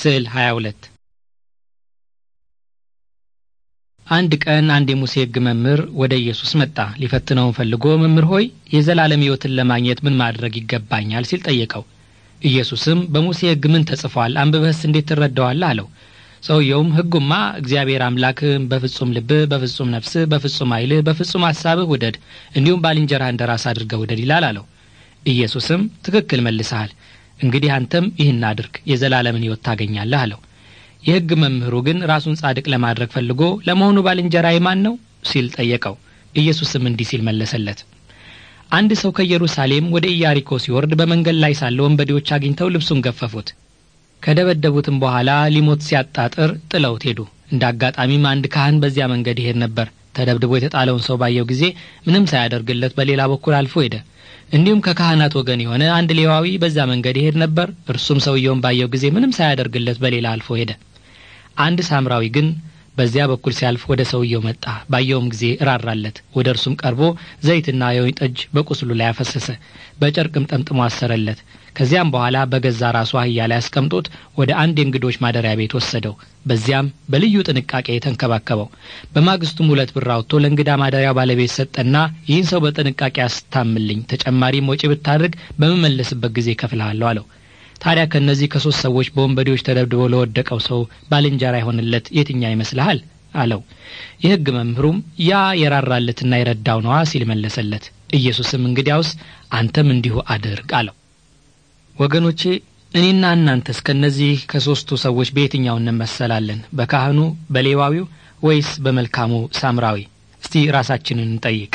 ስዕል 22 አንድ ቀን አንድ የሙሴ ሕግ መምህር ወደ ኢየሱስ መጣ። ሊፈትነውን ፈልጎ መምህር ሆይ የዘላለም ሕይወትን ለማግኘት ምን ማድረግ ይገባኛል ሲል ጠየቀው። ኢየሱስም በሙሴ ሕግ ምን ተጽፏል? አንብበህስ እንዴት ትረዳዋለህ? አለው። ሰውየውም ሕጉማ እግዚአብሔር አምላክህን በፍጹም ልብህ፣ በፍጹም ነፍስህ፣ በፍጹም ኃይልህ፣ በፍጹም ሐሳብህ ውደድ፣ እንዲሁም ባልንጀራህ እንደ ራስህ አድርገህ ውደድ ይላል አለው። ኢየሱስም ትክክል መልሰሃል እንግዲህ አንተም ይህን አድርግ የዘላለምን ሕይወት ታገኛለህ አለው። የሕግ መምህሩ ግን ራሱን ጻድቅ ለማድረግ ፈልጎ ለመሆኑ ባልንጀራዬ ማን ነው ሲል ጠየቀው። ኢየሱስም እንዲህ ሲል መለሰለት አንድ ሰው ከኢየሩሳሌም ወደ ኢያሪኮ ሲወርድ በመንገድ ላይ ሳለ ወንበዴዎች አግኝተው ልብሱን ገፈፉት። ከደበደቡትም በኋላ ሊሞት ሲያጣጥር ጥለውት ሄዱ። እንደ አጋጣሚም አንድ ካህን በዚያ መንገድ ይሄድ ነበር። ተደብድቦ የተጣለውን ሰው ባየው ጊዜ ምንም ሳያደርግለት በሌላ በኩል አልፎ ሄደ። እንዲሁም ከካህናት ወገን የሆነ አንድ ሌዋዊ በዛ መንገድ ይሄድ ነበር። እርሱም ሰውየውን ባየው ጊዜ ምንም ሳያደርግለት በሌላ አልፎ ሄደ። አንድ ሳምራዊ ግን በዚያ በኩል ሲያልፍ ወደ ሰውየው መጣ። ባየውም ጊዜ እራራለት። ወደ እርሱም ቀርቦ ዘይትና የወይን ጠጅ በቁስሉ ላይ አፈሰሰ፣ በጨርቅም ጠምጥሞ አሰረለት። ከዚያም በኋላ በገዛ ራሱ አህያ ላይ አስቀምጦት ወደ አንድ የእንግዶች ማደሪያ ቤት ወሰደው። በዚያም በልዩ ጥንቃቄ ተንከባከበው። በማግስቱም ሁለት ብር አውጥቶ ለእንግዳ ማደሪያው ባለቤት ሰጠና ይህን ሰው በጥንቃቄ አስታምልኝ፣ ተጨማሪም ወጪ ብታድርግ በምመለስበት ጊዜ ከፍልሃለሁ አለው። ታዲያ ከእነዚህ ከሦስት ሰዎች በወንበዴዎች ተደብድቦ ለወደቀው ሰው ባልንጀራ ይሆንለት የትኛ ይመስልሃል አለው የሕግ መምህሩም ያ የራራለትና የረዳው ነዋ ሲል መለሰለት ኢየሱስም እንግዲያውስ አንተም እንዲሁ አድርግ አለው ወገኖቼ እኔና እናንተስ ከእነዚህ ከሦስቱ ሰዎች በየትኛው እንመሰላለን በካህኑ በሌዋዊው ወይስ በመልካሙ ሳምራዊ እስቲ ራሳችንን እንጠይቅ